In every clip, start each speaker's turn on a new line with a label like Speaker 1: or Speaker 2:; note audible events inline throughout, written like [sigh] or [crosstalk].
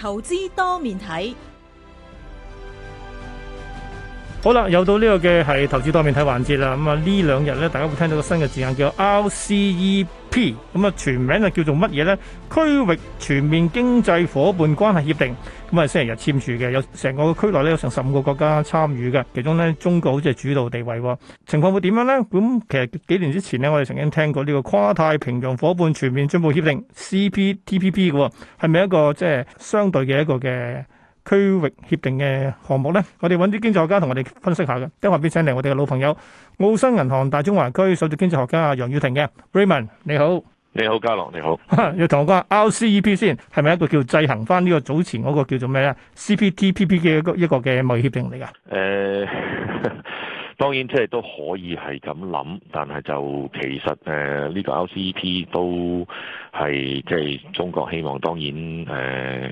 Speaker 1: 投資多面睇，好啦，又到呢個嘅係投資多面睇環節啦。咁啊，呢兩日咧，大家會聽到個新嘅字眼叫 RCEP。P 咁啊，全名就叫做乜嘢呢？區域全面經濟夥伴關係協定，咁啊，星期日簽署嘅，有成個區內咧，有成十五個國家參與嘅，其中咧，中國好似係主導地位喎。情況會點樣呢？咁其實幾年之前咧，我哋曾經聽過呢、呢個跨太平洋夥伴全面進步協定 CPTPP 嘅喎，係咪一個即係、即係、相對嘅一個嘅？區域協定嘅項目咧，我哋揾啲經濟學家同我哋分析下嘅。得閒邊請嚟我哋嘅老朋友澳新銀行大中華區首席經濟學家楊宇霆嘅 Raymond，你好。
Speaker 2: 你好，嘉郎。你好。
Speaker 1: [laughs] 要同我講 RCEP 先，係咪一個叫制衡翻呢個早前嗰個叫做咩咧？CPTPP 嘅一個一個嘅貿易協定嚟噶？誒。Uh,
Speaker 2: [laughs] 當然，即係都可以係咁諗，但係就其實誒呢個 RCEP 都係即係中國希望。當然誒、呃、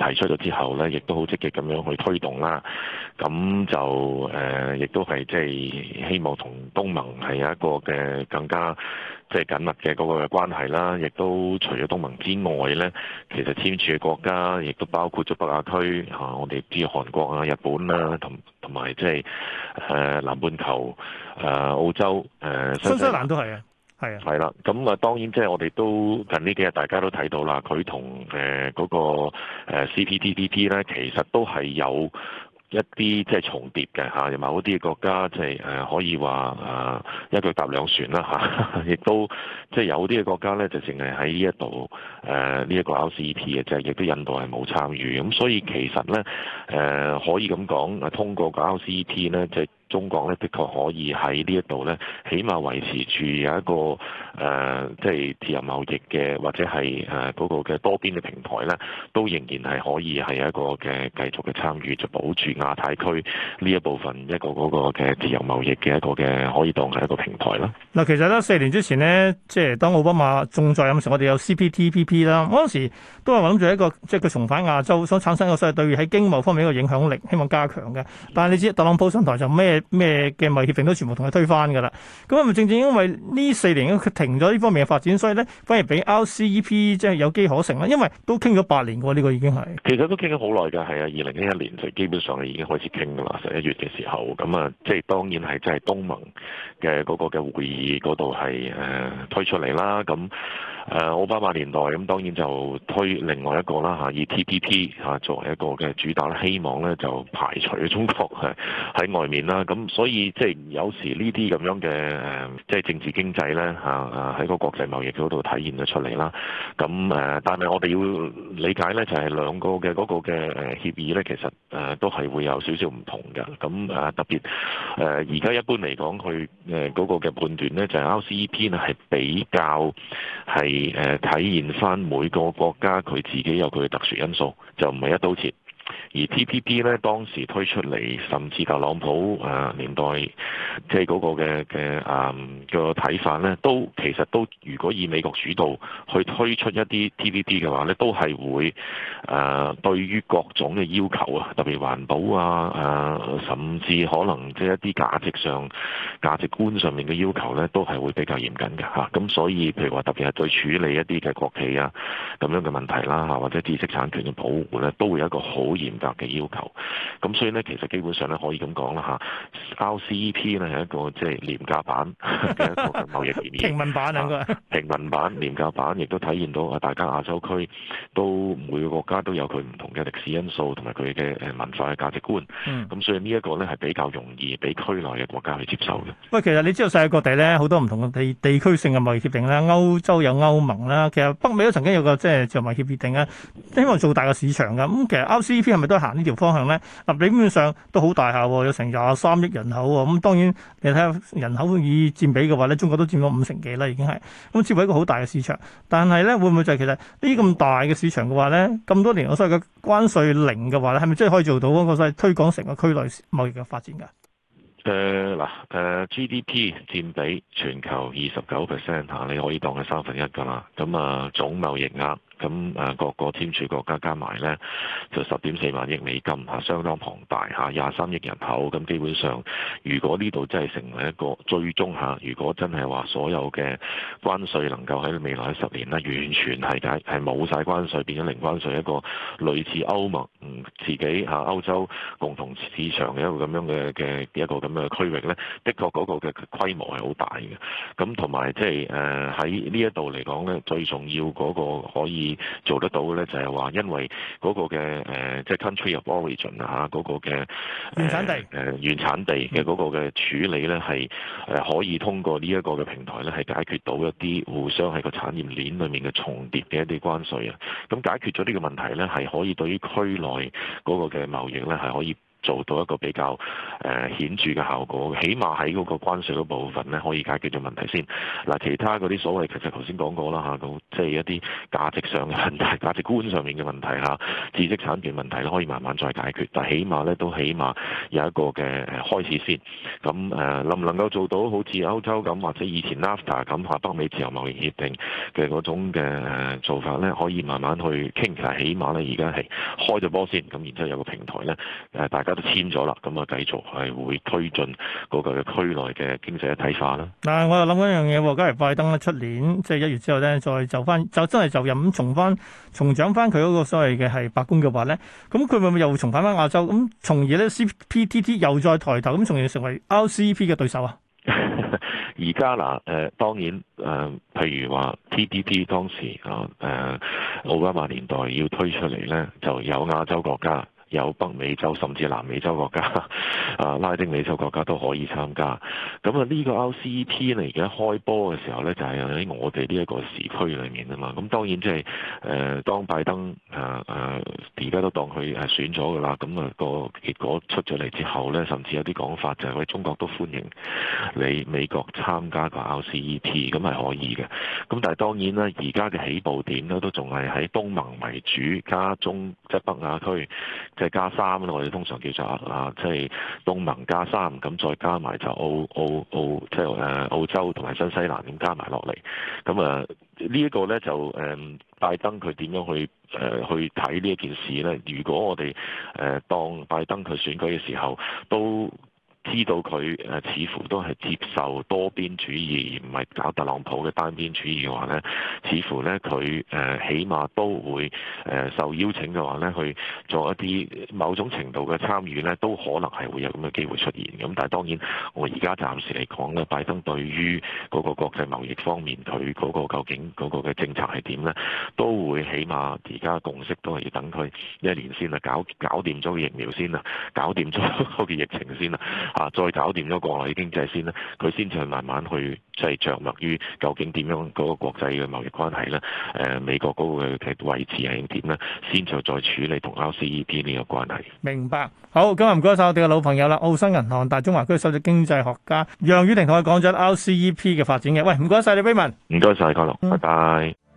Speaker 2: 提出咗之後咧，亦都好積極咁樣去推動啦。咁就誒亦、呃、都係即係希望同東盟係有一個嘅更加，即係緊密嘅嗰個關係啦，亦都除咗東盟之外呢，其實簽署嘅國家亦都包括咗北亞區嚇、啊，我哋知韓國啊、日本啦、啊，同同埋即係誒南半球誒澳洲誒新、呃、西，西蘭都係啊，係
Speaker 1: 啊，
Speaker 2: 係啦，咁啊當然即係我哋都近呢幾日大家都睇到啦，佢同誒嗰個 CPTPP 呢，其實都係有一啲即係重疊嘅嚇，又、啊、某啲嘅國家即係誒可以話誒、啊、一腳搭兩船啦嚇，亦、啊、都即係、就是、有啲嘅國家咧就淨係喺呢一度誒呢一個 R C E P 嘅，即係亦都印度係冇參與，咁、啊、所以其實咧誒、呃、可以咁講，通過個 R C E P 咧就是。中國咧，的確可以喺呢一度咧，起碼維持住有一個誒，即、呃、係、就是、自由貿易嘅，或者係誒嗰個嘅多邊嘅平台咧，都仍然係可以係一個嘅繼續嘅參與，就保住亞太區呢一部分一個嗰個嘅自由貿易嘅一個嘅可以當係一個平台啦。
Speaker 1: 嗱，其實咧四年之前呢，即係當奧巴馬仲在任時，我哋有 CPTPP 啦，嗰陣時都係諗住一個，即係佢重返亞洲所產生嘅，所以對於喺經貿方面嘅影響力希望加強嘅。但係你知特朗普上台就咩？咩嘅密協定都全部同佢推翻噶啦。咁啊，咪正正因為呢四年佢停咗呢方面嘅發展，所以咧反而俾 RCEP 即係有機可乘啊。因為都傾咗八年嘅呢，這個已經係，
Speaker 2: 其實都傾咗好耐噶，係啊。二零一一年就基本上已經開始傾噶啦，十一月嘅時候。咁啊，即係當然係即係東盟嘅嗰個嘅會議嗰度係誒推出嚟啦。咁誒奧巴馬年代咁，當然就推另外一個啦吓，以 TPP 吓作為一個嘅主打，希望咧就排除中國係喺外面啦。咁所以即係有時呢啲咁樣嘅誒，即係政治經濟咧吓啊，喺個國際貿易嗰度體現咗出嚟啦。咁誒，但係我哋要理解咧，就係、是、兩個嘅嗰個嘅誒協議咧，其實誒都係會有少少唔同嘅。咁誒特別誒而家一般嚟講，佢誒嗰個嘅判斷咧，就係 RCEP 係比較係誒體現翻每個國家佢自己有佢嘅特殊因素，就唔係一刀切。而 TPP 咧當時推出嚟，甚至特朗普誒、啊、年代即係嗰個嘅嘅誒個睇法咧，都其實都如果以美國主導去推出一啲 TPP 嘅話咧，都係會誒、呃、對於各種嘅要求啊，特別環保啊誒、啊，甚至可能即係一啲價值上價值觀上面嘅要求咧，都係會比較嚴謹嘅嚇。咁、啊、所以譬如話，特別係對處理一啲嘅國企啊咁樣嘅問題啦嚇，或者知識產權嘅保護咧，都會有一個好嚴格嘅要求，咁所以咧，其實基本上咧可以咁講啦吓 RCEP 咧係一個即係廉價版嘅一個貿易協定， [laughs] 平民版應該，平民版廉價版亦都體現到啊，大家亞洲區都每個國家都有佢唔同嘅歷史因素同埋佢嘅誒文化嘅價值觀，咁、 [noise] 嗯、所以呢一個咧係比較容易俾區內嘅國家去接受嘅。
Speaker 1: 喂，其實你知道世界各地咧好多唔同嘅地地區性嘅貿易協定啦，歐洲有歐盟啦，其實北美都曾經有個即係著貿協協定啊，希望做大個市場㗎，咁其實、R 啲係咪都行呢條方向咧？嗱，理論上都好大下，有成廿三億人口啊！咁當然你睇下人口以占比嘅話咧，中國都佔咗五成幾啦，已經係咁，成為一個好大嘅市場。但係咧，會唔會就係其實呢啲咁大嘅市場嘅話咧，咁多年我所謂嘅關稅零嘅話咧，係咪真係可以做到嗰個所謂推廣成個區內貿易嘅發展噶？
Speaker 2: 誒，嗱，誒 GDP 占比全球二十九 percent 下，uh, 你可以當佢三分一噶啦。咁啊，uh, 總貿易額。咁誒，各個簽署國家加埋咧，就十點四萬億美金吓、啊、相當龐大吓廿三億人口，咁、啊、基本上，如果呢度真係成為一個最終吓、啊，如果真係話所有嘅關稅能夠喺未來十年咧，完全係解係冇晒關稅，變咗零關稅一個類似歐盟、嗯、自己吓歐洲共同市場嘅一個咁樣嘅嘅一個咁嘅區域咧，的確嗰個嘅規模係好大嘅。咁同埋即係誒喺呢一度嚟講咧，最重要嗰個可以。做得到嘅咧，就係話因為嗰個嘅誒、呃、即係 country of origin 啊，嗰、嗰個嘅、
Speaker 1: 呃呃、原產地
Speaker 2: 誒原產地嘅嗰個嘅處理咧，係誒可以通過呢一個嘅平台咧，係解決到一啲互相喺個產業鏈裏面嘅重疊嘅一啲關稅啊。咁解決咗呢個問題咧，係可以對於區內嗰個嘅貿易咧，係可以。做到一個比較誒顯著嘅效果，起碼喺嗰個關稅嗰部分咧，可以解決咗問題先。嗱、啊，其他嗰啲所謂其實頭先講過啦嚇，即、啊、係、就是、一啲價值上嘅問題、價值觀上面嘅問題嚇、啊、知識產權問題咧，可以慢慢再解決。但係起碼咧，都起碼有一個嘅誒開始先。咁、啊、誒，能唔能夠做到好似歐洲咁，或者以前 NAFTA 咁嚇北美自由貿易協定嘅嗰種嘅做法咧，可以慢慢去傾。其實起碼咧，而家係開咗波先，咁、啊、然之後有個平台咧，誒、啊、大家。簽咗啦，咁啊繼續係會推進嗰個嘅區內嘅經濟一體化啦。
Speaker 1: 嗱， [laughs] 我又諗緊一樣嘢喎，假如拜登一出年，即係一月之後咧，再就翻，就真係就任重翻，重掌翻佢嗰個所謂嘅係白宮嘅話咧，咁佢會唔會又重返翻亞洲？咁從而咧 CPTPP 又再抬頭，咁從而成為 RCEP 嘅對手啊？
Speaker 2: 而家嗱，誒，當然誒、呃，譬如話 TPP 當時啊，誒、呃、奧巴馬年代要推出嚟咧，就有亞洲國家。有北美洲甚至南美洲國家，啊拉丁美洲國家都可以參加。咁啊，呢個 RCEP 呢，而家開波嘅時候呢，就係、是、喺我哋呢一個時區裏面啊嘛。咁當然即係誒，當拜登誒誒而家都當佢係選咗噶啦。咁、那、啊個結果出咗嚟之後呢，甚至有啲講法就係我哋中國都歡迎你美國參加個 RCEP，咁係可以嘅。咁但係當然啦，而家嘅起步點呢都仲係喺東盟為主，加中即係、就是、北亞區。即係加三啦，我哋通常叫做啊，即係東盟加三，咁再加埋就澳澳澳，澳，即係誒澳洲同埋新西蘭，咁加埋落嚟。咁啊，呢呢個呢一個咧就誒、嗯、拜登佢點樣去誒、呃、去睇呢一件事咧？如果我哋誒、呃、當拜登佢選舉嘅時候都，知道佢誒似乎都係接受多邊主義，而唔係搞特朗普嘅單邊主義嘅話呢，似乎呢，佢誒起碼都會誒受邀請嘅話呢去做一啲某種程度嘅參與呢都可能係會有咁嘅機會出現。咁但係當然，我而家暫時嚟講呢，拜登對於嗰個國際貿易方面佢嗰個究竟嗰個嘅政策係點呢，都會起碼而家共識都係要等佢一年先啦，搞搞掂咗個疫苗先啦，搞掂咗個疫情先啦。啊！再搞掂咗國內經濟先啦，佢先再慢慢去即係着墨於究竟點樣嗰個國際嘅貿易關係咧？誒、呃，美國嗰個嘅位置係點咧？先就再處理同 RCEP 呢個關係。
Speaker 1: 明白。好，今日唔該晒我哋嘅老朋友啦，澳新銀行大中華區首席經濟學家楊宇霆同佢講咗 RCEP 嘅發展嘅。喂，唔該晒你 Benjamin。
Speaker 2: 唔該晒，嘉樂、嗯，拜拜。嗯。